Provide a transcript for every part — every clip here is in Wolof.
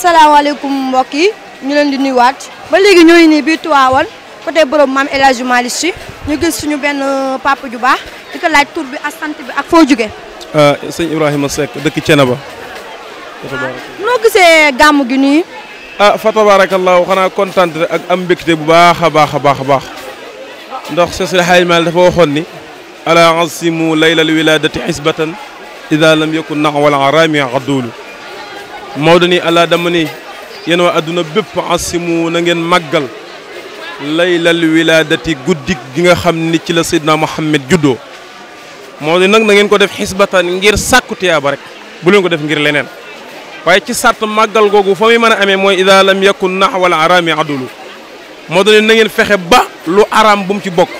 salaamaaleykum mbokk yi ñu leen di nuyuwaat ba léegi ñoo ngi nii bii Tivaouane côté borom maam El Hadj Malick Sy ñu gis suñu benn papa ju baax di ko laaj tur bi ak sant bi ak foo jóge sëñ Ibrahima Seck dëkk Thiénaba noo gisee gàmm gi nii ah fa tabaarakallaahu xanaa kontaan ak am mbégte bu baax a baax a baax a baax ndax Seex Alxaaji Maalik dafa waxoon ni ala asimu laylal wiladati xisbatan ida lam yakun nax wala rami adulu Maodo ni allah dama ni yéen waa adduna bépp asimu na ngeen màggal laylal wilaadati guddik gi nga xam ni ci la Seydina Mohamed juddoo Maodo nag na ngeen ko def xisbatan ngir sàkku tiyaaba rek bu leen ko def ngir leneen waaye ci sart màggal googu fa muy mën a amee mooy ida lam yakun naxwal araami adulu Maodo ni na ngeen fexe ba lu araam bu mu ci bokk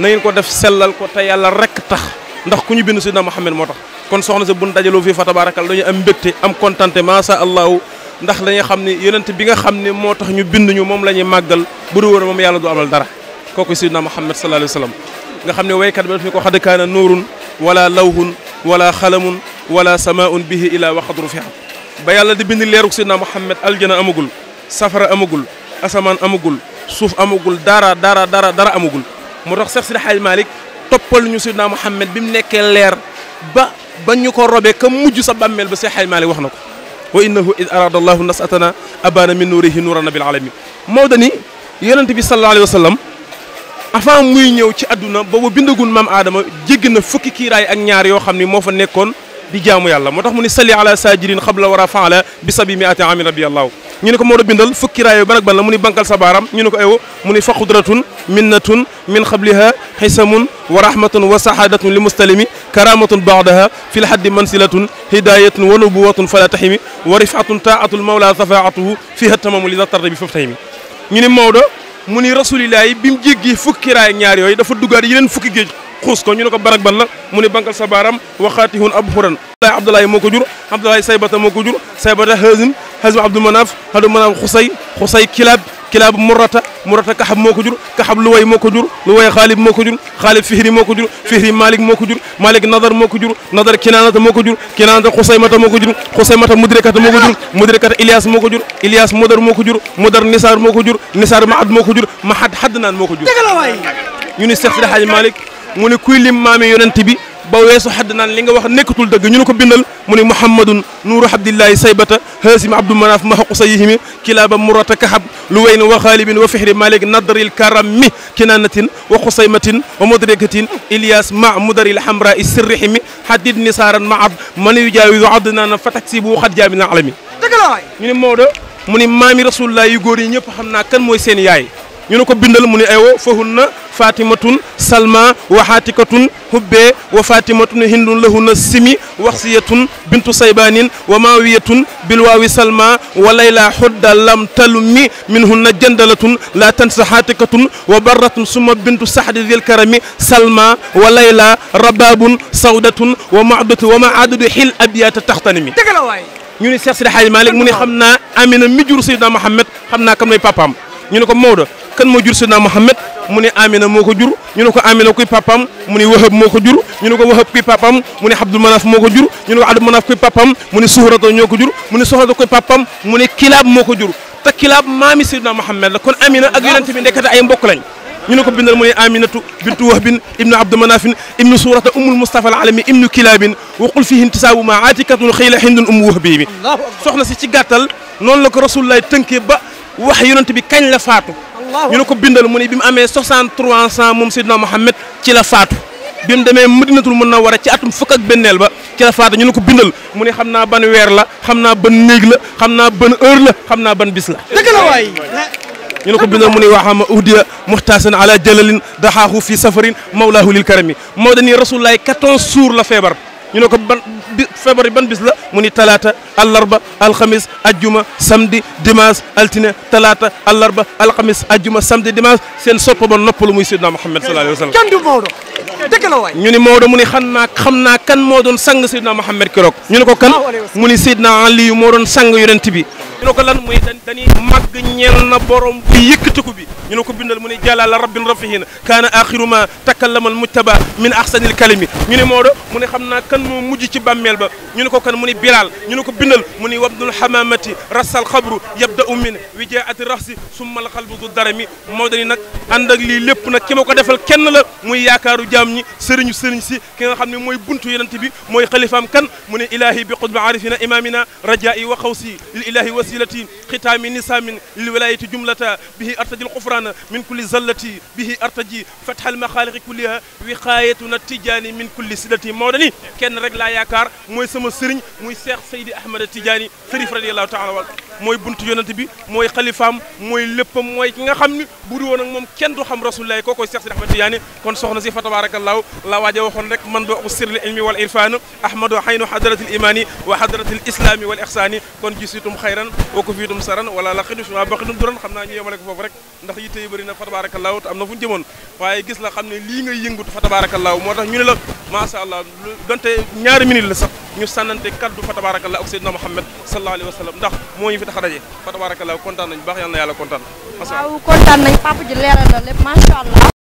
na ngeen ko def sellal ko te yàlla rek tax ndax ku ñu bind Seydina Mohamed moo tax kon soxna ci buñu dajaloo fi fa tabarakal dañu am mbekté am kontante maasa allah ndax dañuy xamni ne yonent bi nga xamni mo tax ñu bind ñu mom la magal bu dul woon mom yàlla du amal dara koku sidna Muhammad sallallahu alayhi wasallam nga xamni way kat bi daf ko xad kaana nurun wala lawhun wala khalamun wala samaun bihi ila waxad fi ba yàlla di bind leeruk sidna Muhammad aljana amugul safara amugul asaman amugul suuf amugul dara dara dara dara amugul mu tax Seex Sidi Malik toppal ñu sidna Muhammad bi nekké leer با با نيوكو روبي كا موجو سا بامل با وانه اذ اراد الله نسأتنا ابانا من نوره نورا العالم العالمين مودني يونت بي صلى الله عليه وسلم افان موي نييو سي بو بيندغول مام ادم جيغنا فوكي كيراي اك نيار يو خامني مو فا نيكون دي صلي على ساجرين قبل ورا فعل بسبي 100 عام ربي الله ñu ne ko moo bindal fukki raay ban ak ban la mu ni bankal sa baaram ñu ne ko aywa mu ni minnatun min xabliha xisamun wa rahmatun wa sahadatun li mustalimi karamatun baadaha fi lhaddi mansilatun hidayatun wa nubuwatun fala taximi wa rifatun taatul mawla safaatuhu fiha tamamu li tarta bi foofu tey ñu ni Maodo mu ni rasulillahi bi mu jéggi fukki raay ñaar yooyu dafa duggaat yeneen fukki géej xuus ko ñu ne ko barak ban la mu bankal sa baaram waxaatihun abxuran abdoulaye moo ko jur abdoulaye saybata moo ko jur saybata hasim هزم عبد المناف هذا منام خصي خصي كلاب كلاب مرتا مرتا كحب موكجور كحب لواي موكجور لواي خالد موكجور خالد فهري موكجور فهري مالك موكجور مالك نظر موكجور نظر كنانة موكجور كنانة خصي مات موكجور خصي مات مدركة موكجور مدركة إلياس موكجور إلياس مدر موكجور مدر نسار موكجور نسار معد موكجور ما حد حدنا موكجور يونس سفر حاج مالك مني كل ما من يرن تبي ba weesu xadd naan li nga wax nekkatul dëgg ñu ko bindal mu ne muhammadun nuuru abdillahi saybata hasim abdu manaaf ma xaqu sayihimi kilaba murata kahab lu wayn wa xaalibin wa fihri malik nadril karami kinanatin wa xusaymatin wa mudrikatin ilyas ma mudaril hamra sirrihimi hadid nisaran ma ab man yujaawidu adnana fataksibu xad jaamina alami dëgg la waay ñu ne Maodo mu rasulullah yu góor yi ñëpp xam kan mooy seen yaay ينكو بندل مني أيوة فهونا فاطمة سلمى وحاتكة هبة وفاطمة هند لهن سمي وخصية بنت سيبان وماوية بالواوي سلمى وليلى حد لم تلمي منهن جندلة لا تنسى حاتكة وبرة ثم بنت سحد ذي الكرم سلمى وليلى رباب سودة ومعدة وما عدد حل أبيات تختنمي ñu ni cheikh sidi haye malik mu ni xamna amina mi jur sayyidna mohammed xamna kam lay papam ñu ni ko mawdo kan mo jur Seydina mohammed mu Amina moko jur ñu ne ko Amina kuy papam mu Wahab moko jur ñu ne ko Wahab kuy papam mu Abdul Manaf moko jur ñu ne ko Abdul Manaf kuy papam mu ne Suhrata ñoo jur mu ne Suhrata kuy papam mu kilab moko jur ta kilab mami Seydina mohammed la kon Amina ak yonent bi nekata ay mbok lañ ñu ne ko bindal mu aminatu bintu wahab ibn abdu manaf ibn surata umul mustapha alalami kilab wa qul fihi intisabu ma aatikatul xëyla hindun umu wahbi bi soxna ci ci gatal non la ko rasulullaay tënkee ba wax yonent bi kagn la faatu ñu ne ko bindal mu ne bi mu amee 63 ans moom Seydina Mohamed ci la faatu bi mu demee Madinatul Munawwara ci atum fukk ak benneel ba ci la faatu ñu ne ko bindal mu ne xam naa ban weer la xam naa ban néeg la xam naa ban heure la xam naa ban bis la. dëgg la waay. ñu ne ko bindal mu ne waxaama uhdiya muhtaasan ala jalalin daxaahu fi safarin mawlaahu lil karami moo dañuy rasulullaay 14 jours la feebar. ñu ko ban février ban bis la mu ni talaata allarba alxamis ajjuma samedi dimanche altine talaata allarba alxamis ajjuma samedi dimanche sen sopp ba noppalu muy sidna Muhammad sallallahu alaihi wasallam sallam kenn dëgg la waay ñu ni Maodo mu ni xam naa xam naa kan moo doon sang Seydina Mouhamed keroog ñu ne ko kan mu ni Seydina Aliyu moo doon sang yonent bi ñu ne ko lan muy dañuy màgg ñeel na borom bu yëkkatiku bi ñu ne ko bindal mu ni jalaala rabbin rafihin kaana axiru ma takallama al mujtaba min ahsanil kalimi ñu ne Maodo mu ni xam naa kan moo mujj ci bàmmeel ba ñu ne ko kan mu ni Bilal ñu ne ko bindal mu ni wabnul hamamati rassal xabru yabda'u min wijaati rahsi summa al xalbu du darami Maodo ni nag ànd ak lii lépp nag ki ma ko defal kenn la muy yaakaaru jaam ñi sëriñu sëriñ si ki nga xam ne mooy buntu yonent bi mooy xalifaam kan mu ne ilahi bi qutbi arifina imamina rajai wa xawsi lil ilahi wasilati xitaami nisaamin lil wilayati jumlata bihi artaji al xufrana min kulli zallati bihi artaji fatha al maxaaliqi kulliha wiqayatuna tijaani min kulli sidati Maodo ni kenn rek laa yaakaar mooy sama sëriñ muy Cheikh Seydi Ahmad Tidiane sërif radiallahu taala wa moy buntu yonent bi moy khalifam moy léppam moy ki nga xamni ni won ak mom kenn du xam rasulullah ko koy cheikh si ahmed Tijaani kon soxna si fatabarakallah la waja waxon rek man do doo sirril ilmi wal irfan ahmadu hayn hadrat al imaani wa hadrat al islam wal ihsan kon gisitum khairan wa kufitum saran wala la khidush ma baqidum duran xamna ñu yemale ko foofu rek ndax yitte yi bari na fatabarakallah amna fuñu jëmon waye gis la xamni li nga yëngut fatabarakallah motax ñu ne la ma sha allah donte ñaari minute la sax ñu sànnante kaddu fa tabarakallah ak seydina Muhammad sallallahu alayhi ndax moo ñu fi tax a daje fa tabarakallah kontaan nañu baax yal na yàlla kontaan. waaw kontaan nañ papa ji leeral na lépp macha